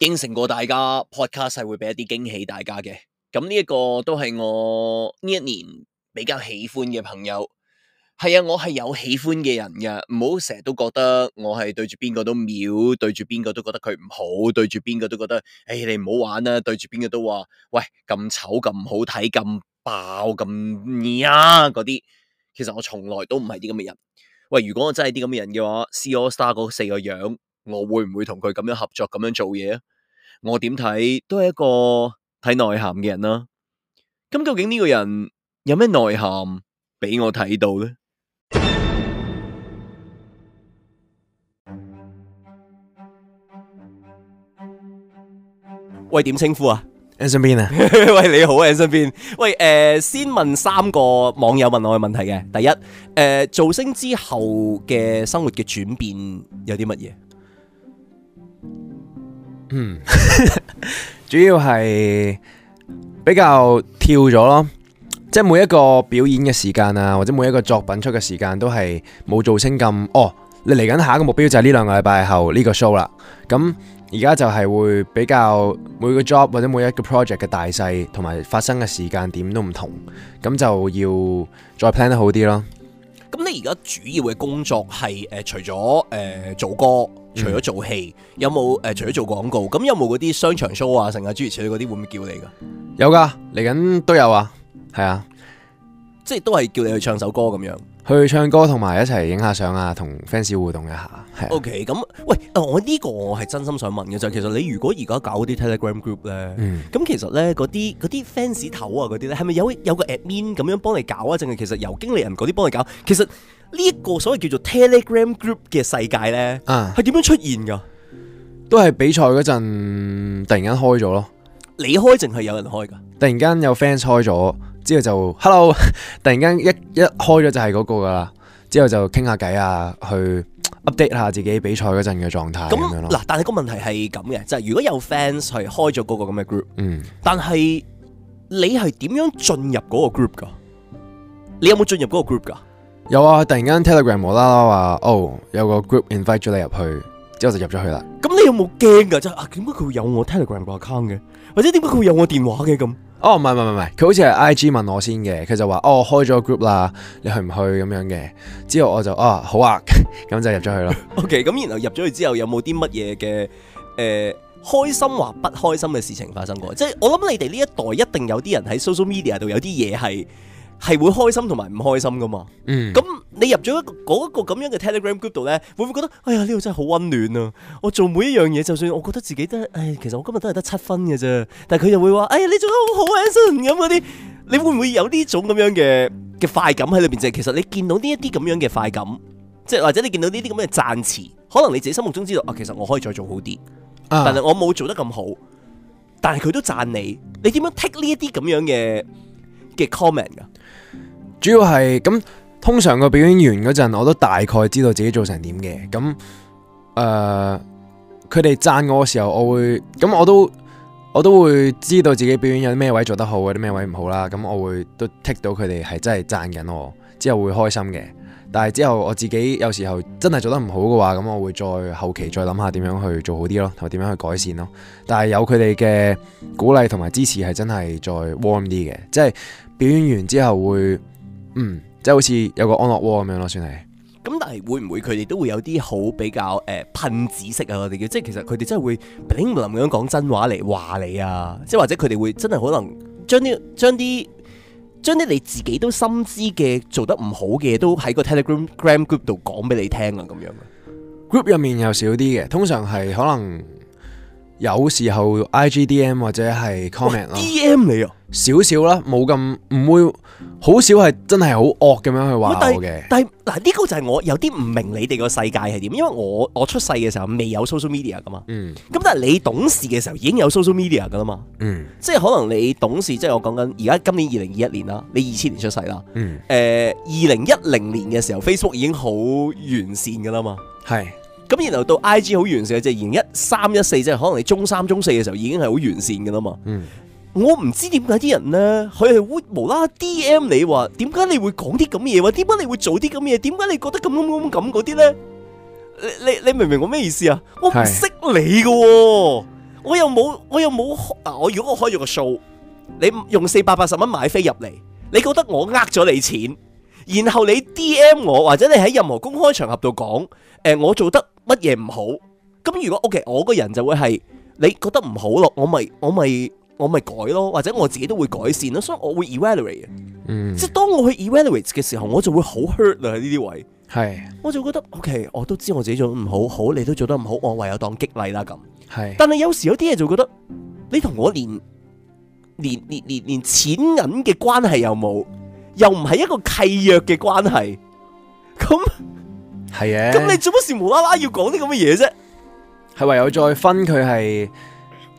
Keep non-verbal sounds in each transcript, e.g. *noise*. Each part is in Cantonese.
應承過大家，podcast 會俾一啲驚喜大家嘅。咁呢一個都係我呢一年比較喜歡嘅朋友。係啊，我係有喜歡嘅人噶，唔好成日都覺得我係對住邊個都藐，對住邊個都覺得佢唔好，對住邊個都覺得，誒、欸、你唔好玩啊。對住邊個都話，喂，咁醜咁好睇，咁爆咁二啊嗰啲。其實我從來都唔係啲咁嘅人。喂，如果我真係啲咁嘅人嘅話，C AllStar 嗰四個樣，我會唔會同佢咁樣合作咁樣做嘢啊？我點睇都係一個睇內涵嘅人啦、啊。咁究竟呢個人有咩內涵俾我睇到咧？喂，點稱呼啊？Anson Bean 啊！喂，你好 Anson Bean。喂，誒、呃，先問三個網友問我嘅問題嘅。第一，誒、呃，造星之後嘅生活嘅轉變有啲乜嘢？嗯， *laughs* 主要係比較跳咗咯，即係每一個表演嘅時間啊，或者每一個作品出嘅時間都係冇造星咁。哦，你嚟緊下一個目標就係呢兩個禮拜後呢個 show 啦。咁而家就係會比較每個 job 或者每一個 project 嘅大細同埋發生嘅時間點都唔同，咁就要再 plan 得好啲咯。咁你而家主要嘅工作係誒、呃，除咗誒、呃、做歌。除咗做戲，嗯、有冇誒、呃？除咗做廣告，咁有冇嗰啲商場 show 啊、成啊諸如此類嗰啲會唔會叫你噶？有噶，嚟緊都有啊，係啊，即係都係叫你去唱首歌咁樣，去唱歌同埋一齊影下相啊，同 fans 互動一下。係。OK，咁喂，我呢個我係真心想問嘅就係、是，其實你如果而家搞啲 Telegram group 咧，咁其實咧嗰啲嗰啲 fans 頭啊嗰啲咧，係咪有有個 admin 咁樣幫你搞啊？淨係其實由經理人嗰啲幫你搞，其實。呢、這、一個所謂叫做 Telegram Group 嘅世界咧，係、uh, 點樣出現噶？都係比賽嗰陣突然間開咗咯。你開淨係有人開噶？突然間有 fans 開咗，之後就 Hello， *laughs* 突然間一一開咗就係嗰個噶啦。之後就傾下偈啊，去 update 下自己比賽嗰陣嘅狀態咁樣咯。嗱，但係個問題係咁嘅，就係、是、如果有 fans 係開咗嗰個咁嘅 group，嗯，但係你係點樣進入嗰個 group 噶？你有冇進入嗰個 group 噶？有啊，突然間 Telegram 無啦啦話，哦，有個 group invite 咗你入去，之後就入咗去啦。咁、嗯、你有冇驚噶？即係啊，點解佢會有我 Telegram 個 account 嘅？或者點解佢會有我電話嘅咁？哦，唔係唔係唔係，佢好似係 IG 問我先嘅，佢就話哦開咗個 group 啦，你去唔去咁樣嘅？之後我就哦好啊，咁、嗯、就入咗去咯。OK，咁然後入咗去之後有冇啲乜嘢嘅，誒，開心或不開心嘅事情發生過？即 *laughs* 係我諗你哋呢一代一定有啲人喺 social media 度有啲嘢係。係會開心同埋唔開心噶嘛？咁、嗯、你入咗一個咁樣嘅 Telegram group 度咧，會唔會覺得哎呀呢度真係好溫暖啊！我做每一樣嘢，就算我覺得自己都係，誒、哎、其實我今日都係得七分嘅啫，但係佢又會話，哎呀你做得好好，Anson 咁嗰啲，你會唔會有呢種咁樣嘅嘅快感喺裏邊？就係、是、其實你見到呢一啲咁樣嘅快感，即係或者你見到呢啲咁嘅讚詞，可能你自己心目中知道啊，其實我可以再做好啲，啊、但係我冇做得咁好，但係佢都讚你，你點樣 take 呢一啲咁樣嘅嘅 comment 噶？主要係咁，通常個表演完嗰陣，我都大概知道自己做成點嘅。咁，誒，佢哋讚我嘅時候，我會咁我都我都會知道自己表演有啲咩位做得好，有啲咩位唔好啦。咁我會都 tick 到佢哋係真係讚緊我，之後會開心嘅。但係之後我自己有時候真係做得唔好嘅話，咁我會再後期再諗下點樣去做好啲咯，同埋點樣去改善咯。但係有佢哋嘅鼓勵同埋支持，係真係再 warm 啲嘅。即係表演完之後會。嗯，即係好似有個安樂窩咁樣咯，算係。咁但係會唔會佢哋都會有啲好比較誒噴、呃、紫色啊？我哋嘅即係其實佢哋真係會林林咁樣講真話嚟話你啊，即係或者佢哋會真係可能將啲將啲將啲你自己都心知嘅做得唔好嘅都喺個、， *music* 嗰個 Telegram Group 度講俾你聽啊，咁樣。Group 入面又少啲嘅，通常係可能有時候 IGDM 或者係 comment 啦。DM 你啊。少少啦，冇咁唔會，好少係真係好惡咁樣去話我嘅。但係嗱呢個就係我有啲唔明你哋個世界係點，因為我我出世嘅時候未有 social media 噶嘛。咁、嗯、但係你懂事嘅時候已經有 social media 噶啦嘛。嗯、即係可能你懂事，即係我講緊而家今年二零二一年啦，你二千年出世啦。誒、嗯呃，二零一零年嘅時候，Facebook 已經好完善噶啦嘛。係。咁然後到 IG 好完善嘅，即係二零一三一四，即係可能你中三中四嘅時候已經係好完善噶啦嘛。嗯我唔知點解啲人咧，佢係會無啦啦 D M 你話點解你會講啲咁嘢？話點解你會做啲咁嘢？點解你覺得咁咁咁嗰啲咧？你你你明唔明我咩意思啊？我唔識你嘅、哦，我又冇我又冇啊。我如果我開咗個數，你用四百八十蚊買飛入嚟，你覺得我呃咗你錢，然後你 D M 我或者你喺任何公開場合度講誒，我做得乜嘢唔好咁？那如果 okay，我個人就會係你覺得唔好咯，我咪我咪。我我咪改咯，或者我自己都會改善咯，所以我會 evaluate。嗯，即係當我去 evaluate 嘅時候，我就會好 hurt 喺呢啲位。係，我就覺得，OK，我都知我自己做得唔好，好你都做得唔好，我唯有當激勵啦咁。係，是但係有時有啲嘢就覺得，你同我連連連連連錢銀嘅關係又冇，又唔係一個契約嘅關係，咁係嘅。咁你做乜事無啦啦要講啲咁嘅嘢啫？係唯有再分佢係。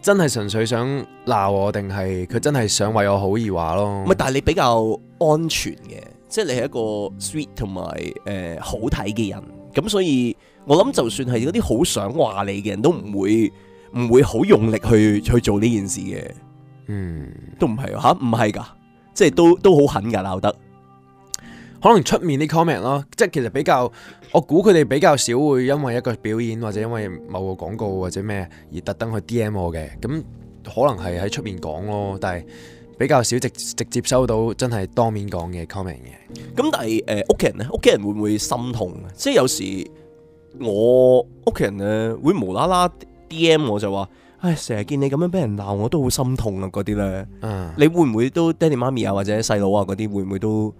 真係純粹想鬧我，定係佢真係想為我好而話咯？唔係，但係你比較安全嘅，即係你係一個 sweet 同埋，誒好睇嘅人，咁所以我諗就算係嗰啲好想話你嘅人都唔會唔會好用力去去做呢件事嘅，嗯，都唔係吓，唔係噶，即係都都好狠噶鬧得。可能出面啲 comment 咯，即係其實比較，我估佢哋比較少會因為一個表演或者因為某個廣告或者咩而特登去 DM 我嘅，咁可能係喺出面講咯，但係比較少直接直接收到真係當面講嘅 comment 嘅。咁但係誒屋企人咧，屋企人會唔會心痛啊？即係有時我屋企人咧會無啦啦 DM 我就話，唉，成日見你咁樣俾人鬧，我都好心痛啊！嗰啲咧，你會唔會都爹哋媽咪啊或者細佬啊嗰啲會唔會都？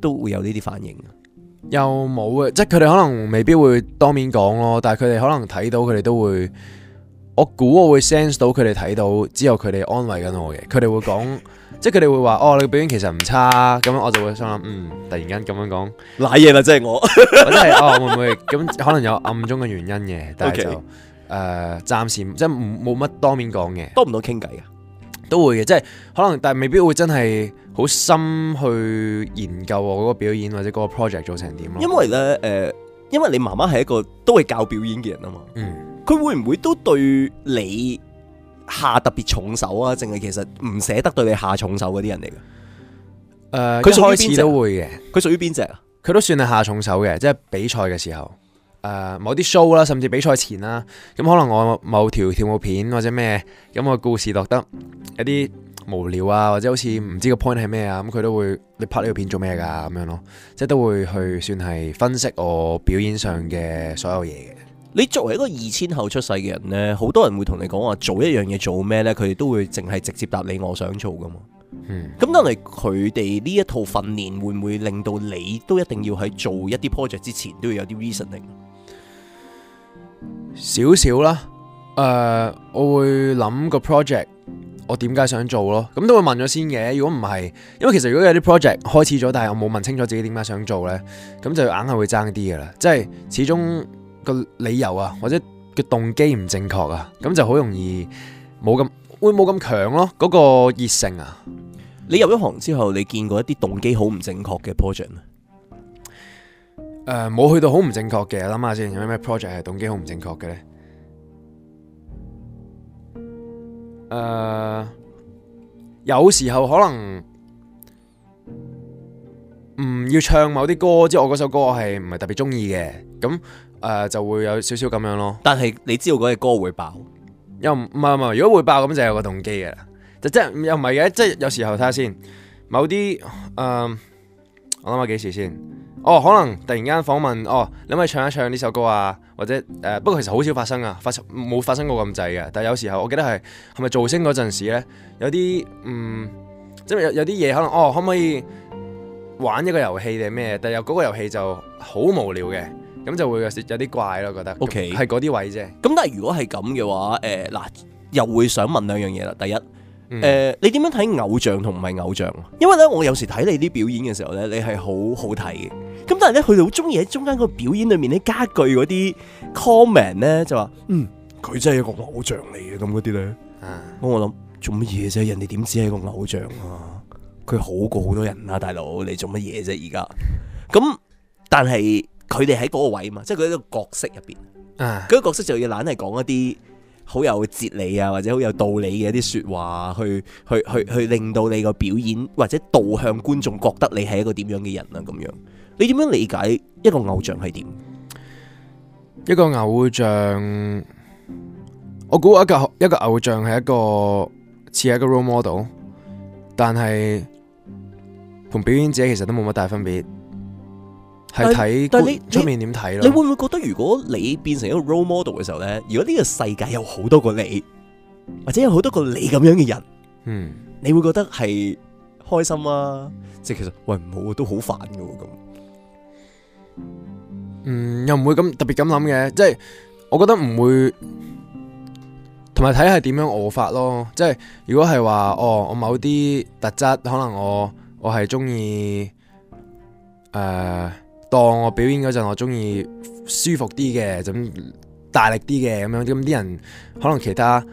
都會有呢啲反應，又冇啊！即係佢哋可能未必會當面講咯，但係佢哋可能睇到佢哋都會，我估我會 sense 到佢哋睇到之後，佢哋安慰緊我嘅，佢哋會講，即係佢哋會話哦，你嘅表演其實唔差，咁我就會心諗，嗯，突然間咁樣講，瀨嘢啦，即係我，真係哦，會唔會咁？ *laughs* 可能有暗中嘅原因嘅，但係就誒，暫、okay. 呃、暫時即係冇乜當面講嘅，多唔多傾偈啊？都會嘅，即、就、係、是、可能，但係未必會真係。好深去研究我嗰個表演或者嗰個 project 做成點咯？因為咧，誒、呃，因為你媽媽係一個都會教表演嘅人啊嘛，佢、嗯、會唔會都對你下特別重手啊？淨係其實唔捨得對你下重手嗰啲人嚟嘅？誒、呃，佢開始都會嘅。佢屬於邊隻啊？佢都算係下重手嘅，即係比賽嘅時候，誒、呃，某啲 show 啦，甚至比賽前啦，咁可能我某條跳舞片或者咩咁嘅故事落得有一啲。無聊啊，或者好似唔知個 point 係咩啊，咁佢都會你拍呢個片做咩噶咁樣咯，即係都會去算係分析我表演上嘅所有嘢嘅。你作為一個二千後出世嘅人呢，好多人會同你講話做一樣嘢做咩呢，佢哋都會淨係直接答你我想做噶嘛。咁、嗯、但係佢哋呢一套訓練會唔會令到你都一定要喺做一啲 project 之前都要有啲 reasoning？少少啦，誒、uh，我會諗個 project。我點解想做咯？咁都會問咗先嘅。如果唔係，因為其實如果有啲 project 開始咗，但係我冇問清楚自己點解想做呢，咁就硬係會爭啲嘅啦。即係始終個理由啊，或者個動機唔正確啊，咁就好容易冇咁會冇咁強咯。嗰、那個熱性啊，你入咗行之後，你見過一啲動機好唔正確嘅 project 啊？冇、呃、去到好唔正確嘅，諗下先，有咩 project 係動機好唔正確嘅呢？誒、uh,，有時候可能唔要唱某啲歌，即係我嗰首歌我係唔係特別中意嘅，咁誒、uh, 就會有少少咁樣咯。但係你知道嗰隻歌會爆，又唔唔唔，如果會爆咁就有個動機嘅啦，就即係又唔係嘅，即係有時候睇下先，某啲誒，uh, 我諗下幾時先。哦，可能突然間訪問哦，你可唔可以唱一唱呢首歌啊？或者誒、呃，不過其實好少發生啊，發冇發生過咁滯嘅。但係有時候我記得係係咪造星嗰陣時咧，有啲嗯，即、就、係、是、有有啲嘢可能哦，可唔可以玩一個遊戲定係咩？但係又嗰個遊戲就好無聊嘅，咁就會有啲怪咯，我覺得。O K，係嗰啲位啫。咁但係如果係咁嘅話，誒、呃、嗱，又會想問兩樣嘢啦。第一。誒、嗯，呃，你點樣睇偶像同唔係偶像？因為咧，我有時睇你啲表演嘅時候咧，你係好好睇嘅。咁但係咧，佢哋好中意喺中間個表演裏面咧加句嗰啲 comment 咧，就話：嗯，佢真係一個偶像嚟嘅，咁嗰啲咧。咁、啊，我諗做乜嘢啫？人哋點知係一個偶像啊？佢好過好多人啊，大佬，你做乜嘢啫？而家咁，但係佢哋喺嗰個位嘛，即係佢喺個角色入邊，嗰、啊、個角色就要懶係講一啲。好有哲理啊，或者好有道理嘅一啲說話，去去去去令到你個表演或者導向觀眾覺得你係一個點樣嘅人啊咁樣。你點樣理解一個偶像係點？一個偶像，我估一個一個偶像係一個似一個 role model，但係同表演者其實都冇乜大分別。係睇，出面點睇咯？你會唔會覺得如果你變成一個 role model 嘅時候咧，如果呢個世界有好多個你，或者有好多個你咁樣嘅人，嗯，你會覺得係開心啊？即係其實喂唔好都好煩噶，咁，嗯，又唔會咁特別咁諗嘅，即係我覺得唔會，同埋睇下點樣我發咯。即係如果係話哦，我某啲特質，可能我我係中意誒。呃當我表演嗰陣，我中意舒服啲嘅，咁大力啲嘅，咁樣咁啲人可能其他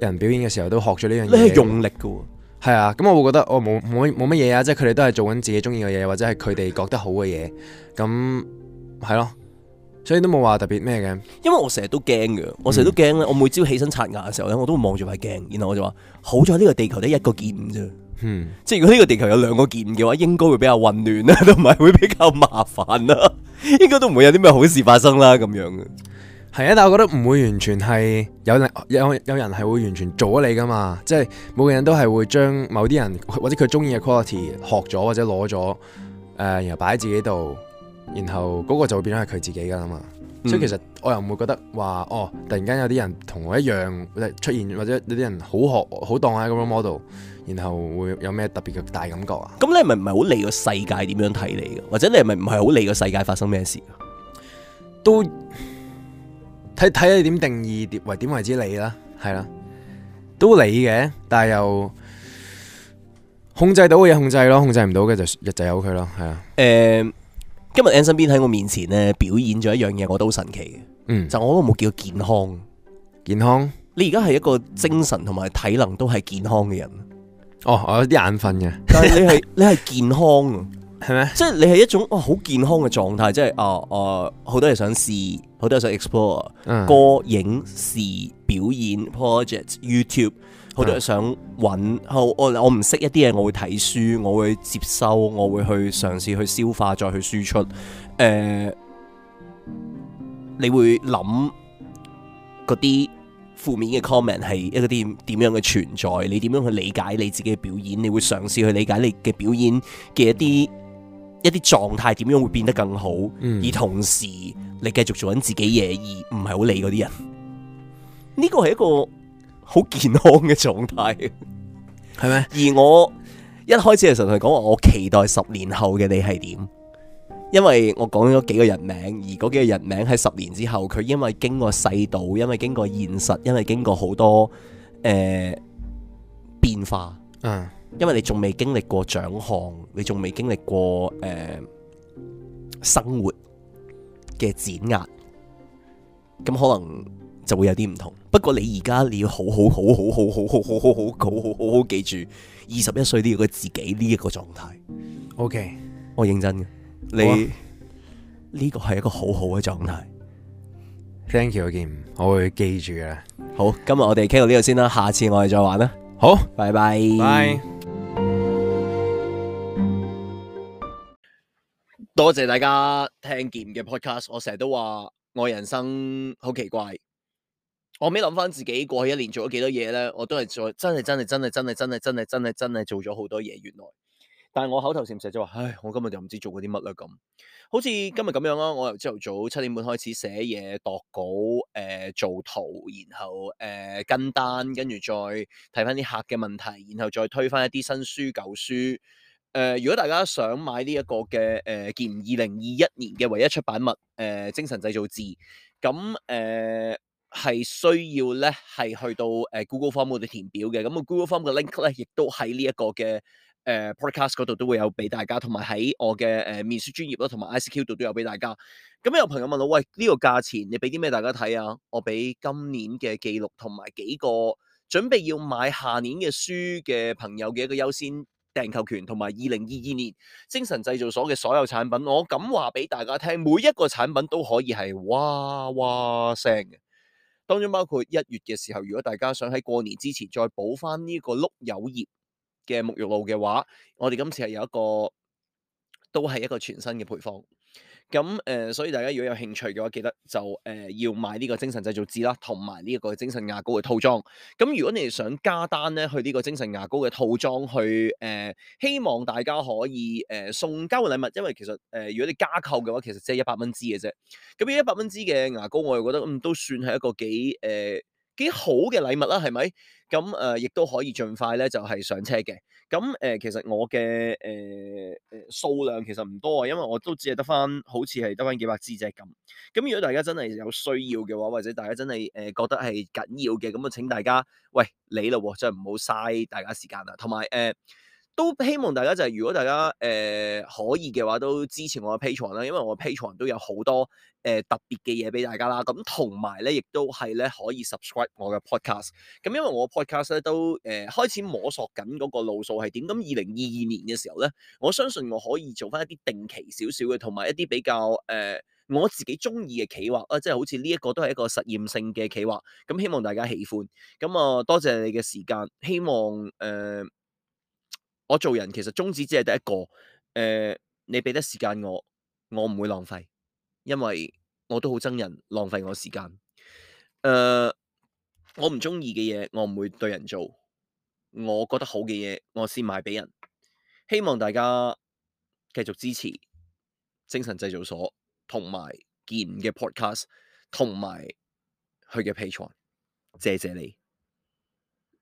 人表演嘅時候都學咗呢樣嘢。你係用力㗎喎，係啊，咁我會覺得我冇冇乜嘢啊，即係佢哋都係做緊自己中意嘅嘢，或者係佢哋覺得好嘅嘢，咁係咯，所以都冇話特別咩嘅。因為我成日都驚嘅，我成日都驚、嗯、我每朝起身刷牙嘅時候咧，我都望住塊鏡，然後我就話，好彩呢個地球得一個健啫。嗯，即係如果呢個地球有兩個鍵嘅話，應該會比較混亂啦，同埋會比較麻煩啦，應該都唔會有啲咩好事發生啦，咁樣嘅。係啊，但係我覺得唔會完全係有有有人係會完全做咗你噶嘛，即係每個人都係會將某啲人或者佢中意嘅 quality 學咗或者攞咗誒，然後擺喺自己度，然後嗰個就會變咗係佢自己噶啦嘛。嗯、所以其實我又唔會覺得話哦，突然間有啲人同我一樣出現，或者有啲人好學好當喺一個 model，然後會有咩特別嘅大感覺啊？咁、嗯、你係咪唔係好理個世界點樣睇你嘅，或者你係咪唔係好理個世界發生咩事都睇睇你點定義點為點為之理啦，係啦，都理嘅，但係又控制到嘅嘢控制咯，控制唔到嘅就就由佢咯，係啊。誒、嗯。今日 Ansonbean 喺我面前咧，表演咗一樣嘢，我都好神奇嘅。嗯，就我都冇叫健康，健康。你而家係一個精神同埋體能都係健康嘅人。哦，我有啲眼瞓嘅，但係你係你係健康，係 *laughs* 咩？即係你係一種好健康嘅狀態，即係啊、啊、好多嘢想試，好多嘢想 explore，嗯、歌、影視、表演、project、YouTube。多人找，好多想揾我，我我唔識一啲嘢，我會睇書，我會接收，我會去嘗試去消化，再去輸出。誒、呃，你會諗嗰啲負面嘅 comment 係一個點點樣嘅存在？你點樣去理解你自己嘅表演？你會嘗試去理解你嘅表演嘅一啲一啲狀態點樣會變得更好？而、嗯、同時你繼續做緊自己嘢，而唔係好理嗰啲人。呢個係一個。好健康嘅狀態，係咩？而我一開始嘅時候係講話，我期待十年後嘅你係點？因為我講咗幾個人名，而嗰幾個人名喺十年之後，佢因為經過世道，因為經過現實，因為經過好多誒、呃、變化。嗯，因為你仲未經歷過獎項，你仲未經歷過誒生活嘅碾壓，咁可能。就會有啲唔同。不過你而家你要好好好好好好好好好好好好,好,好,好,好,好記住二十一歲都要佢自己呢一個狀態。OK，我認真嘅，你呢、呢個係一個好好嘅狀態。Thank you，Ken，我會記住嘅。好，今日我哋傾到呢度先啦，下次我哋再玩啦。好，拜拜。拜。多謝大家聽 Ken 嘅 podcast。我成日都話我人生好奇怪。我咪諗翻自己過去一年做咗幾多嘢咧，我都係做真係真係真係真係真係真係真係真係做咗好多嘢。原來，但係我口頭禪就就話，唉，我今日就唔知做過啲乜啦咁。好似今日咁樣啦，我由朝頭早七點半開始寫嘢、度稿、誒、呃、做圖，然後誒、呃、跟單，跟住再睇翻啲客嘅問題，然後再推翻一啲新書、舊書。誒、呃，如果大家想買呢一個嘅誒，兼二零二一年嘅唯一出版物誒，呃《精神製造誌》咁、呃、誒。係需要咧，係去到誒 Google Form 嗰度填表嘅。咁個 Google Form 嘅 link 咧，亦都喺呢一個嘅誒、呃、Podcast 嗰度都會有俾大家，同埋喺我嘅誒、呃、面書專業咯，同埋 ICQ 度都有俾大家。咁有朋友問我，喂，呢、這個價錢你俾啲咩大家睇啊？我俾今年嘅記錄同埋幾個準備要買下年嘅書嘅朋友嘅一個優先訂購權，同埋二零二二年精神製造所嘅所有產品。我敢話俾大家聽，每一個產品都可以係哇哇聲當中包括一月嘅時候，如果大家想喺過年之前再補翻呢個碌柚葉嘅沐浴露嘅話，我哋今次係有一個，都係一個全新嘅配方。咁誒、呃，所以大家如果有興趣嘅話，記得就誒、呃、要買呢個精神製造紙啦，同埋呢一個精神牙膏嘅套裝。咁如果你哋想加單咧，去呢個精神牙膏嘅套裝去，去、呃、誒希望大家可以誒、呃、送交換禮物，因為其實誒、呃、如果你加購嘅話，其實即係一百蚊支嘅啫。咁呢一百蚊支嘅牙膏，我又覺得咁、嗯、都算係一個幾誒幾好嘅禮物啦，係咪？咁、呃、亦都可以盡快咧，就係、是、上車嘅。咁、呃、其實我嘅誒、呃、數量其實唔多啊，因為我都只係得翻，好似係得翻幾百支隻咁。咁如果大家真係有需要嘅話，或者大家真係誒、呃、覺得係緊要嘅，咁啊，請大家喂你喇喎，即係唔好嘥大家時間啦。同埋都希望大家就係如果大家誒、呃、可以嘅話，都支持我嘅 Patreon 啦，因為我嘅 Patreon 都有好多誒、呃、特別嘅嘢俾大家啦。咁同埋咧，亦都係咧可以 subscribe 我嘅 podcast。咁因為我嘅 podcast 咧都誒、呃、開始摸索緊嗰個路數係點。咁二零二二年嘅時候咧，我相信我可以做翻一啲定期少少嘅，同埋一啲比較誒、呃、我自己中意嘅企劃啊、呃，即係好似呢一個都係一個實驗性嘅企劃。咁希望大家喜歡。咁啊，多謝你嘅時間。希望誒、呃我做人其實宗旨只係得一個，誒、呃，你俾得時間我，我唔會浪費，因為我都好憎人浪費我時間。誒、呃，我唔中意嘅嘢我唔會對人做，我覺得好嘅嘢我先買俾人。希望大家繼續支持精神製造所同埋健嘅 podcast 同埋佢嘅器材，謝謝你。